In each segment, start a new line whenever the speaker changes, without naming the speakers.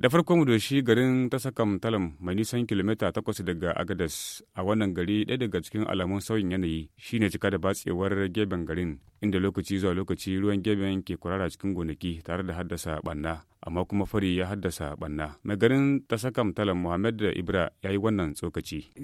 da farko mu doshi garin ta sakam talam mai nisan kilomita takwas daga agadas a wannan gari ɗaya daga cikin alamun sauyin yanayi shine cika da batsewar geben garin inda lokaci zuwa lokaci ruwan geben ke kurara cikin gonaki tare da haddasa ɓanna amma kuma fari ya haddasa banna mai garin tasakam talan muhammad da ibra ya yi wannan tsokaci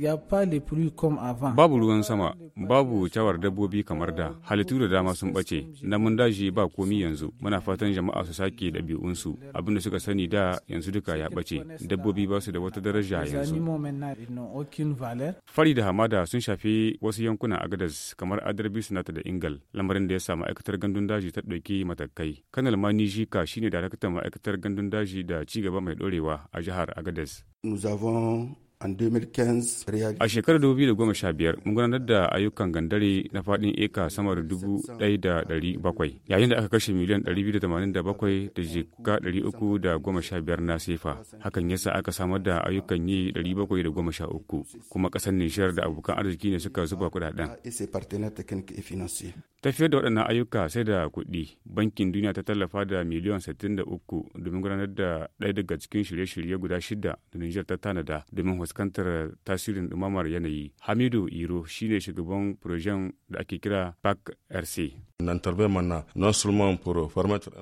babu ruwan sama babu cawar dabbobi kamar da halittu da dama sun bace na mun daji ba komi yanzu muna fatan jama'a su sake abin da suka sani da yanzu duka ya bace dabbobi ba su da wata daraja yanzu fari da hamada sun shafi wasu yankunan agadas kamar adarbi sinata da ingal lamarin da ya samu ma'aikatar gandun daji ta ɗauki matakai kanal manijika shine da ma'aikatar cutar gandun daji da cigaba mai dorewa a jihar Agadez. A shekarar 2015 mun gudanar da ayyukan gandare na faɗin eka sama da 1,700 yayin da aka kashe miliyan 287 da jika 315 na sefa hakan yasa aka samar da ayyukan yi 713 kuma ƙasar Nijar da abokan arziki ne suka zuba kudaden. tafiyar da waɗannan ayyuka sai da kuɗi bankin duniya ta tallafa da miliyan 63 domin gudanar da ɗaya daga cikin shirye-shirye guda shida da nijar ta tanada domin fuskantar tasirin ɗumamar yanayi hamidu iro shine shugaban projen da ake kira pac rc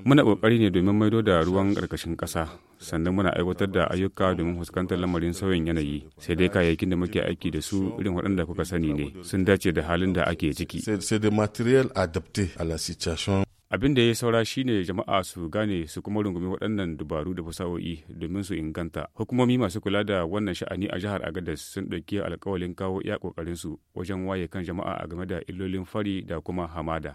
Muna ƙoƙari ne domin maido da ruwan ƙarƙashin ƙasa, sannan muna aiwatar da ayyuka domin fuskantar lamarin sauyin yanayi, sai dai kayayyakin da muke aiki da su irin waɗanda kuka sani ne sun dace da halin da ake ciki. Abin da ya saura shine jama'a su gane su kuma rungumi waɗannan dubaru da fasahohi domin su inganta. Hukumomi masu kula da wannan sha'ani a jihar agadas sun ɗauki alkawalin kawo iya ƙoƙarinsu wajen waye kan jama'a a game da illolin fari da kuma hamada.